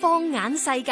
放眼世界，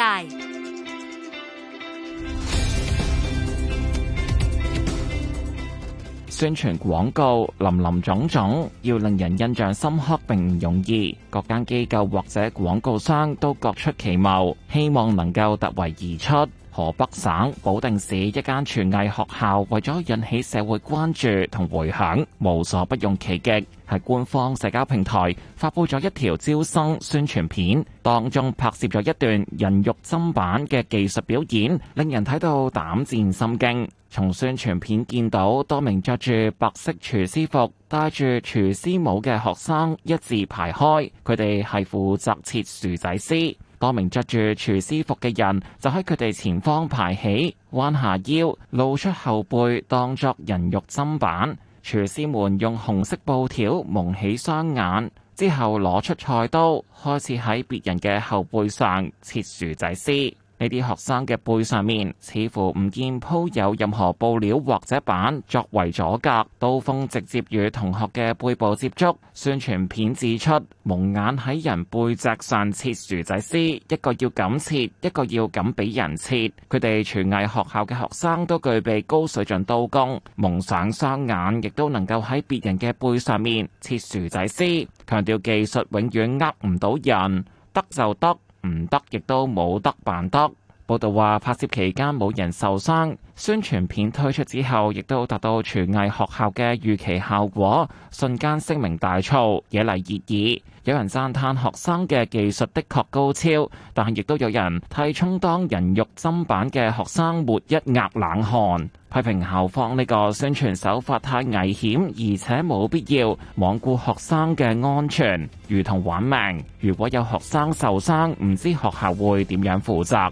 宣傳廣告林林總總，要令人印象深刻並唔容易。各間機構或者廣告商都各出奇謀，希望能夠突圍而出。河北省保定市一間廚藝學校為咗引起社會關注同回響，無所不用其極，系官方社交平台發佈咗一條招生宣傳片，當中拍攝咗一段人肉砧板嘅技術表演，令人睇到膽戰心驚。從宣傳片見到多名着住白色廚師服、帶住廚師帽嘅學生一字排開，佢哋係負責切薯仔絲。多名着住廚師服嘅人就喺佢哋前方排起，彎下腰，露出後背當作人肉砧板。廚師們用紅色布條蒙起雙眼，之後攞出菜刀，開始喺別人嘅後背上切薯仔絲。呢啲學生嘅背上面似乎唔見鋪有任何布料或者板作為阻隔，刀鋒直接與同學嘅背部接觸。宣傳片指出，蒙眼喺人背脊上切薯仔絲，一個要咁切，一個要咁俾人切。佢哋廚藝學校嘅學生都具備高水準刀工，蒙上雙眼亦都能夠喺別人嘅背上面切薯仔絲，強調技術永遠呃唔到人，得就得。唔得，亦都冇得辦得。報道話，拍攝期間冇人受傷，宣傳片推出之後，亦都達到廚藝學校嘅預期效果，瞬間聲名大噪，惹嚟熱議，有人讚嘆學生嘅技術的確高超，但係亦都有人替充當人肉砧板嘅學生抹一額冷汗。批評校方呢個宣傳手法太危險，而且冇必要罔顧學生嘅安全，如同玩命。如果有學生受傷，唔知學校會點樣負責？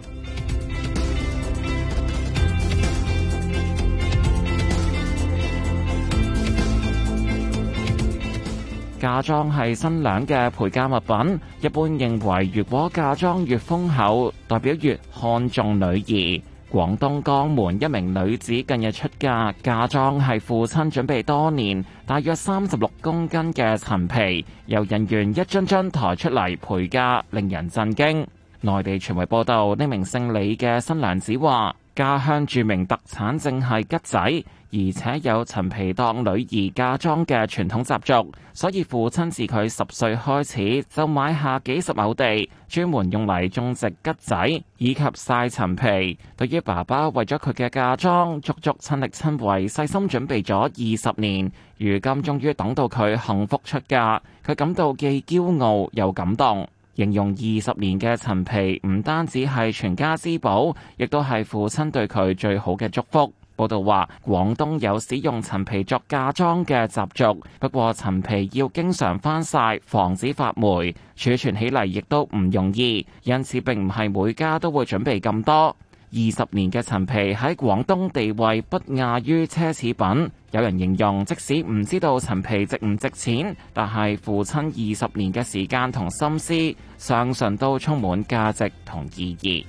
嫁妝係新娘嘅陪嫁物品，一般認為如果嫁妝越豐厚，代表越看重女兒。廣東江門一名女子近日出嫁，嫁妝係父親準備多年，大約三十六公斤嘅陳皮，由人員一樽樽抬出嚟陪嫁，令人震驚。內地傳媒報道，呢名姓李嘅新娘子話。家鄉著名特產正係桔仔，而且有陳皮當女兒嫁妝嘅傳統習俗，所以父親自佢十歲開始就買下幾十畝地，專門用嚟種植桔仔以及曬陳皮。對於爸爸為咗佢嘅嫁妝，足足親力親為、細心準備咗二十年，如今終於等到佢幸福出嫁，佢感到既驕傲又感動。形容二十年嘅陳皮唔單止係傳家之寶，亦都係父親對佢最好嘅祝福。報道話，廣東有使用陳皮作嫁妝嘅習俗，不過陳皮要經常翻曬，防止發霉，儲存起嚟亦都唔容易，因此並唔係每家都會準備咁多。二十年嘅陳皮喺廣東地位不亞於奢侈品。有人形容，即使唔知道陳皮值唔值錢，但係父親二十年嘅時間同心思，相信都充滿價值同意義。